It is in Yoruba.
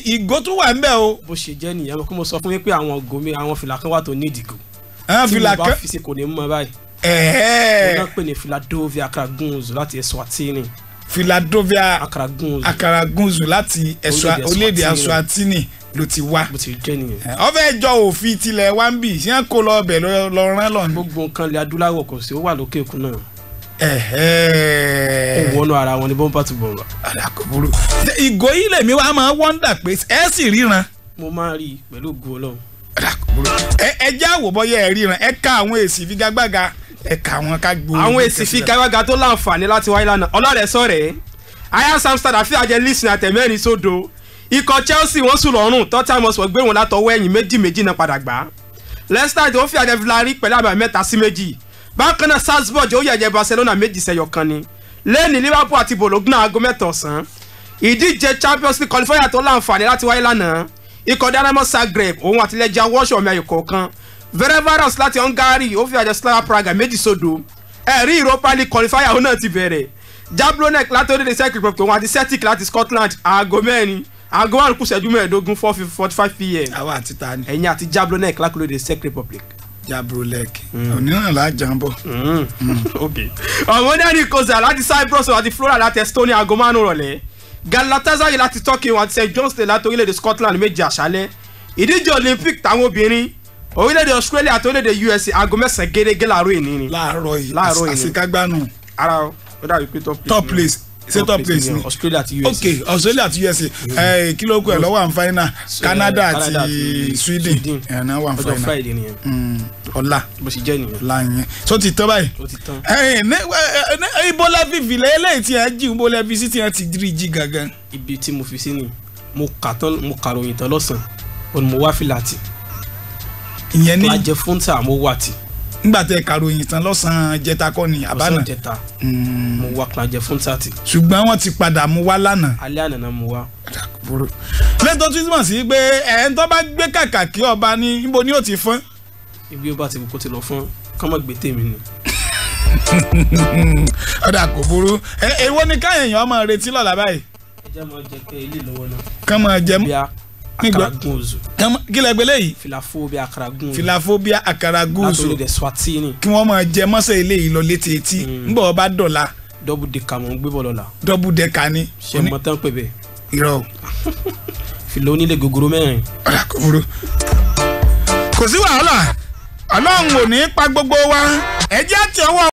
ìgò tún wà ńbẹ̀ o. bó ṣe jẹ́ nìyẹn mo kí mo sọ fún yín pé àwọn gomi àwọn fìlà kan wà tó ní ìdìgò. àwọn fìlà kan tí mo bá fi sí kò ní mọ báyìí. ẹ̀ẹ́. mo náà pè ní Philadelphia Akragunzu láti Eswatini. Philadelphia Akragunzu Akragunzu láti orílẹ̀-èdè Eswatini ló ti wá. bó ti jẹ́ nìyẹn. ọbẹ̀ ìjọ òfin tilẹ̀ wá ń bì ṣé kó lọ ọbẹ̀ lọ rán lọ. gbogbo nǹkan ilẹ̀ adúláwọ̀ kò sí ó wà lókè òkun náà ó wọnú ara wọn ní bọ́ńpà tó bọ̀ǹbà. alákòbúrò ìgò yìí lèmi wa máa wọ́ndà pé ẹ sì ríran. mo máa rí i pẹ̀lú ògùn ọlọ́run. alákòbúrò ẹ jẹ́ àwòbọ́yẹ ẹ ríran ẹ ká àwọn èsì figagbága ẹ ká àwọn ká gbó. àwọn èsì figagbága tó láǹfààní láti wáyé lánàá ọlọ́rẹ̀ sọ̀rẹ̀ aya samstad àfihàjẹ leeds náà tẹ̀mẹ́rin sódò ikọ̀ chelsea wọ́n sùn lọ́rùn tottenham hotspur gbé wọn látọwọ́ ẹ̀yìn méjì méjì náà padà gbà leicester tó fi àjẹ villarreal pẹ̀lú àbàmẹ́ta sí méjì bákan náà Salzburg ó yẹ̀yẹ́ Barcelona méjì sẹ́yọ kan ni lẹ́ẹ̀ni Liverpool àti Bologna aago mẹ́ta ọ̀sán ìdíje Champions League qualifier tó láǹfààní láti wáyé lánàá ikọ̀ Dynamo Zagreb òun àti Legia Warsaw ọmọ ẹ̀yọ̀ kọ̀ọ̀kan Ferencvaros láti Hungary ó fi àjọ Slava Praga méjì sódò ẹ̀rí Europa League qualifier òun náà ti bẹ̀rẹ̀ Jablonek láti orílẹ̀ Czech Republic òun àti Celtic láti Scotland aago mẹ́rin aago márùn-ún kù ṣẹ́jú mẹ́ẹ̀ẹ́dógún four forty five pm. àwa àti ta ni. ẹ̀yin àti Jablonek láti orílẹ̀ Czech Republic jabrolek onírànlá àjàmbọ. ọ̀wọ́n dẹ́rì kọ́sà láti Cyprus àti Flora láti Estonia aago márùn rọ̀lẹ́ Galatasaray láti Turkey wọn àti St Johnstone láti orílẹ̀-èdè Scotland méjì àṣálẹ́ ìdíje Olympic táwọn obìnrin orílẹ̀-èdè Australia àti orílẹ̀-èdè USA aago mẹ́sàn-án gẹ́gẹ́ láàárọ̀ ìní ni. láàárọ̀ yìí àṣekágbánu. ara ó dàbí pé top place. top place setup place ni Australia àti USA ok Australia àti USA eh, kí kilo kù ẹ lọ́wọ́ àǹfààní Canada àti Sweden ẹ̀ eh, náà wà àǹfààní hmm, ọ̀la bó ṣe jẹ́ nìyẹn ọ̀la yẹn tó ti tán báyìí tó ti tán eh, ibo lẹ́bí fìlẹ̀ eléyìí tí ẹ jí ibo lẹ́bí sí tí ẹ ti rí jí gangan. ibi tí mo fi sí ni mo kà tán mo kà ròyìn tán lọ́sàn-án mo wá fìlà tì ìyẹn ní tó fúntà mo wà tì nígbà tẹ kàròyìn tán lọ́sàn-án jẹta kọ́ ni àbánà lọ́sàn-án jẹta hmm. mo wá kìlàjẹ fún tààtì. ṣùgbọ́n wọ́n ti padà mú wá lánàá. alẹ́ àná náà mo wá. lẹ́tọ̀ tún túmọ̀ sí pé ẹ̀ ń tọ́ bá gbé kàkà kí ọba ní níbo ni ó ti fọ́n. ibi ó bá ti kó ti lọ fún kọ́mọ̀ gbé ni. ọ̀dà kò burú èwo ni káyọ̀ èèyàn ọmọ retí lọ́la báyìí. ẹ jẹ́ mọ́ jẹ akaragunzu. kílẹ̀ gbélé yìí. filafobia akaragunzu. filafobia akaragunzu. látòlè de swatini. kí wọ́n máa jẹ mọ́sẹ̀ ilé yìí lọ létí etí. nbọ̀ hmm. ọba dọ̀la. dọ́bù deka mò ń gbé bọ̀ lọ́la. dọ́bù deka ni. ṣe mọ tán pè bẹ́ẹ̀. irọ́. fìlà onílé gogoro mẹ́rin. kò sí wàhálà ọlọ́run ò ní pa gbogbo wa ẹ jẹ́ àti ọwọ́.